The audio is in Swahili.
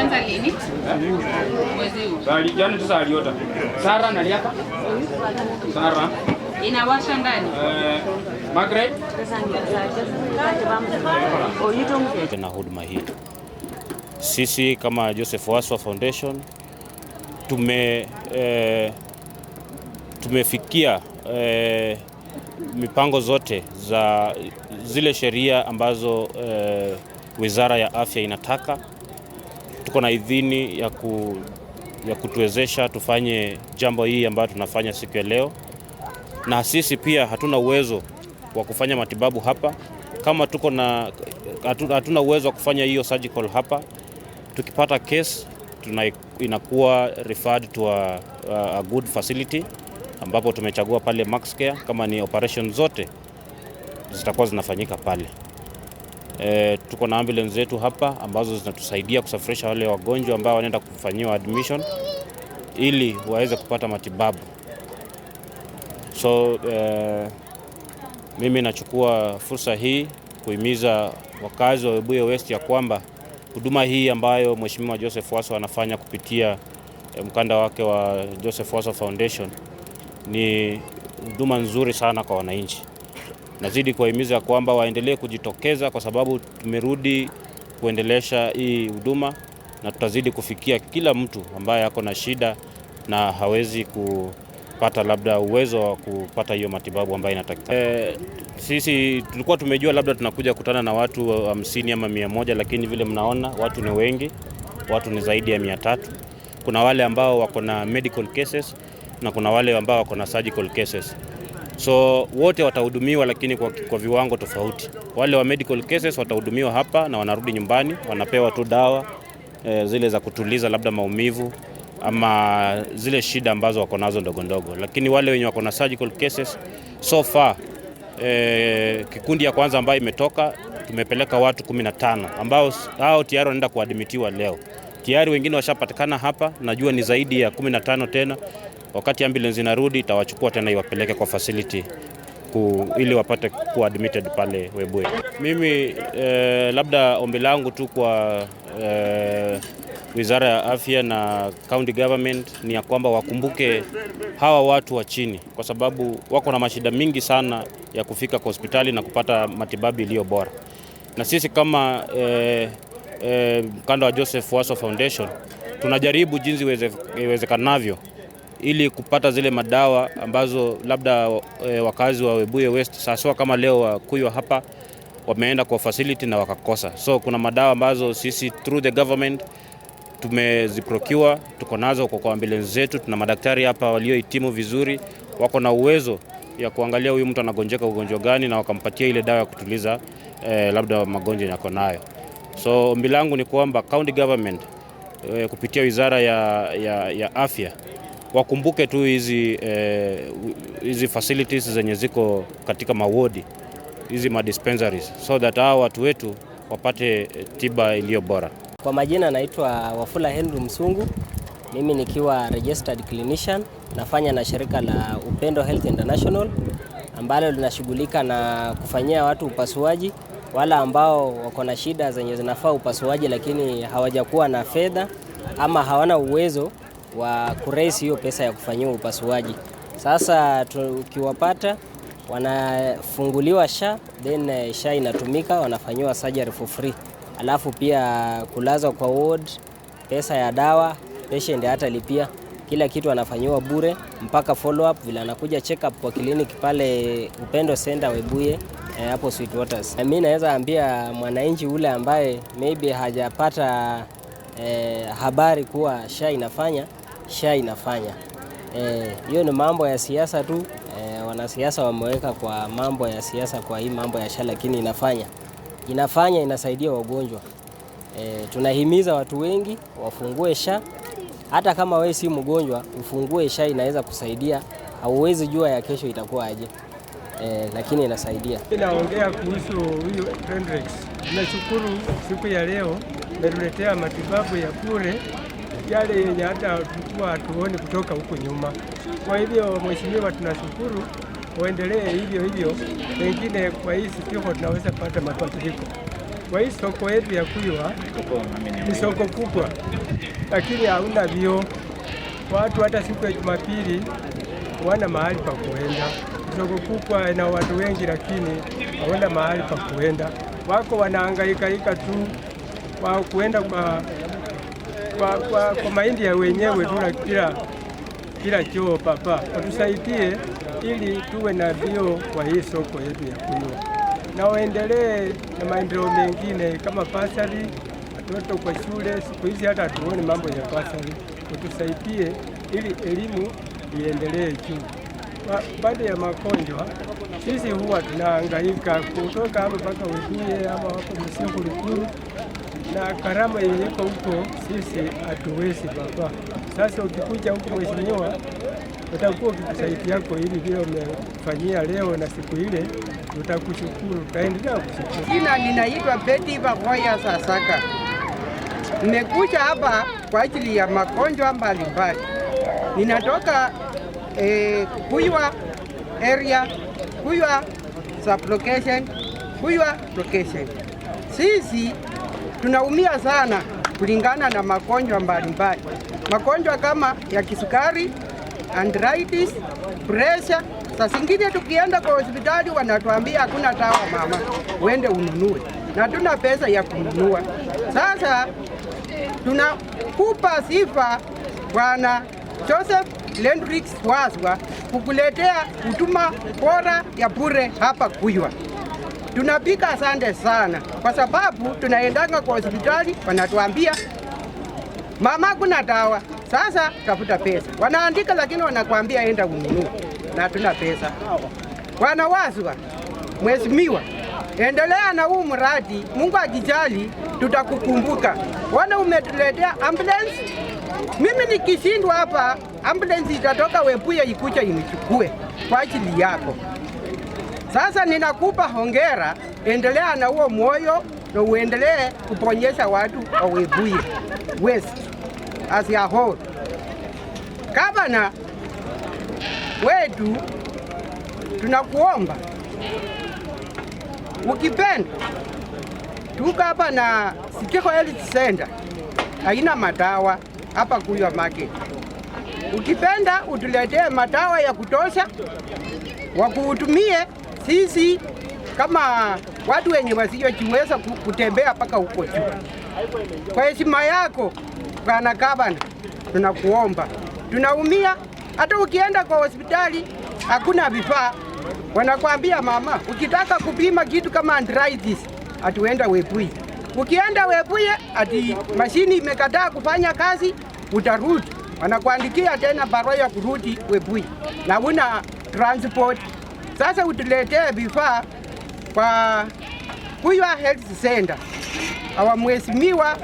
Alianza lini? Mwezi huu. Jana yaani tu aliota. Sara na Liaka? Sara. Inawasha ndani. Eh, Margaret. Na huduma hii. Sisi kama Joseph Waswa Foundation tume eh, tumefikia eh, mipango zote za zile sheria ambazo eh, Wizara ya Afya inataka tuko na idhini ya, ku, ya kutuwezesha tufanye jambo hii ambayo tunafanya siku ya leo, na sisi pia hatuna uwezo wa kufanya matibabu hapa kama tuko na hatuna uwezo wa kufanya hiyo surgical hapa. Tukipata case tuna, inakuwa referred to a, a good facility ambapo tumechagua pale Max Care. Kama ni operation zote zitakuwa zinafanyika pale. E, tuko na ambulance zetu hapa ambazo zinatusaidia kusafirisha wale wagonjwa ambao wanaenda kufanyiwa admission ili waweze kupata matibabu. So e, mimi nachukua fursa hii kuhimiza wakazi wa Webuye West ya kwamba huduma hii ambayo Mheshimiwa Joseph Waso anafanya kupitia e, mkanda wake wa Joseph Waso Foundation ni huduma nzuri sana kwa wananchi. Nazidi kuwahimiza kwamba waendelee kujitokeza kwa sababu tumerudi kuendelesha hii huduma na tutazidi kufikia kila mtu ambaye ako na shida na hawezi kupata labda uwezo wa kupata hiyo matibabu ambayo inatakikana. E, sisi tulikuwa tumejua labda tunakuja kutana na watu hamsini ama mia moja, lakini vile mnaona watu ni wengi, watu ni zaidi ya mia tatu. Kuna wale ambao wako na medical cases na kuna wale ambao wako na surgical cases. So wote watahudumiwa, lakini kwa, kwa viwango tofauti. Wale wa medical cases watahudumiwa hapa na wanarudi nyumbani, wanapewa tu dawa e, zile za kutuliza labda maumivu ama zile shida ambazo wako nazo ndogo ndogo, lakini wale wenye wako na surgical cases so far e, kikundi ya kwanza ambayo imetoka tumepeleka watu 15 ambao hao tayari wanaenda kuadmitiwa leo. Tayari wengine washapatikana hapa, najua ni zaidi ya 15 tena Wakati ambulance inarudi itawachukua tena iwapeleke kwa facility ku, ili wapate kuwa admitted pale Webwe. Mimi eh, labda ombi langu tu kwa eh, Wizara ya Afya na county government ni ya kwamba wakumbuke hawa watu wa chini, kwa sababu wako na mashida mingi sana ya kufika kwa hospitali na kupata matibabu iliyo bora. Na sisi kama eh, eh, mkanda wa Joseph Waso Foundation tunajaribu jinsi iwezekanavyo ili kupata zile madawa ambazo labda e, wakazi wa Webuye West sasa kama leo Wakuywa hapa wameenda kwa facility na wakakosa. So kuna madawa ambazo sisi through the government tumeziprocure, tuko nazo kwa ambulance zetu. Tuna madaktari hapa waliohitimu vizuri, wako na uwezo ya kuangalia huyu mtu anagonjeka ugonjwa gani na wakampatia ile dawa ya kutuliza e, labda magonjwa yako nayo. So ombi langu ni kwamba county government e, kupitia wizara ya, ya, ya afya wakumbuke tu hizi eh, hizi facilities zenye ziko katika mawodi hizi madispensaries, so that hawa watu wetu wapate eh, tiba iliyo bora. Kwa majina naitwa Wafula Henry Msungu, mimi nikiwa registered clinician, nafanya na shirika la Upendo Health International ambalo linashughulika na kufanyia watu upasuaji, wala ambao wako na shida zenye zinafaa upasuaji, lakini hawajakuwa na fedha ama hawana uwezo wa kuraisi hiyo pesa ya kufanyiwa upasuaji. Sasa tukiwapata wanafunguliwa sha then eh, sha inatumika, wanafanyiwa surgery for free, alafu pia kulazwa kwa ward, pesa ya dawa patient hata lipia kila kitu anafanyiwa bure mpaka follow up, vile anakuja check up kwa clinic pale Upendo Center Webuye eh, hapo Sweet Waters. Mimi naweza ambia mwananchi ule ambaye maybe hajapata eh, habari kuwa SHA inafanya sha inafanya eh, hiyo. E, ni mambo ya siasa tu e, wanasiasa wameweka kwa mambo ya siasa kwa hii mambo ya sha, lakini inafanya inafanya inasaidia wagonjwa e, tunahimiza watu wengi wafungue sha. Hata kama wewe si mgonjwa, ufungue sha, inaweza kusaidia. Hauwezi jua ya kesho itakuwa aje. E, lakini inasaidia. Inaongea kuhusu huyu Hendrix. Nashukuru siku ya leo metuletea matibabu ya kure yale yenye hata tulikuwa tuone kutoka huko nyuma. Kwa hivyo, mheshimiwa, tunashukuru, uendelee hivyo hivyo, pengine kwa hii sikio tunaweza kupata mabadiliko. Kwa hii soko yetu ya kuiwa. ni soko kubwa, lakini hauna vio Watu hata siku ya Jumapili wana mahali pa kuenda. Soko kubwa na watu wengi, lakini hawana mahali pa kuenda, wako wanahangaika tu wa kuenda kwa kwa, kwa, kwa mahindi ya wenyewe tula kila, kila choo. Papa watusaidie ili tuwe na vio kwa hii soko yetu ya kunywa, na waendelee na maendeleo mengine kama pasari, watoto kwa shule. Siku hizi hata tuone mambo ya pasari, watusaidie ili elimu iendelee juu. Baada ya makonjwa sisi huwa tunahangaika kutoka hapo mpaka Webuye ama hapo Msingulukulu na karama yenyeko huko sisi hatuwezi baba. Sasa ukikuja huko mheshimiwa, utakuwa kisaiti yako ili vile umefanyia leo na siku ile, utakushukuru, utaendelea kushukuru. Jina ninaitwa Betty Baboya Sasaka. Nimekuja hapa kwa ajili ya magonjwa mbalimbali. Ninatoka eh, Kuywa area, Kuywa sublocation, Kuywa location. Sisi Tunaumia sana kulingana na magonjwa mbalimbali, magonjwa kama ya kisukari, arthritis, pressure. Saa zingine tukienda kwa hospitali wanatuambia hakuna dawa mama, uende ununue, na tuna pesa ya kununua. Sasa tunakupa sifa Bwana Joseph Lendrix Waswa kukuletea huduma bora ya bure hapa Kuywa tunapika asante sana, kwa sababu tunaendanga kwa hospitali wanatuambia mama, kuna dawa sasa, tafuta pesa. Wanaandika lakini wanakwambia enda ununue, na hatuna pesa. Wazwa, mheshimiwa, endelea na huu mradi, Mungu akijali tutakukumbuka. Wana umetuletea ambulance. Mimi nikishindwa hapa ambulance itatoka Webuye ikuja inichukue kwa ajili yako. Sasa ninakupa hongera, endelea na huo moyo na uendelee kuponyesha watu wa Webuye West as a whole. Gavana wetu tunakuomba, ukipenda tuko hapa na Sikiko Health Center, haina madawa hapa Kuywa Market. Ukipenda utuletee madawa ya kutosha wakuutumie sisi kama watu wenye wasiojiweza kutembea mpaka huko juu, kwa heshima yako bwana gavana, tunakuomba, tunaumia. Hata ukienda kwa hospitali hakuna vifaa, wanakwambia mama, ukitaka kupima kitu kama arthritis atuenda Webuye. Ukienda Webuye ati mashini imekataa kufanya kazi, utarudi wanakuandikia tena barua ya kurudi Webuye na una transport sasa utuletee vifaa kwa huyu health center. Awamheshimiwa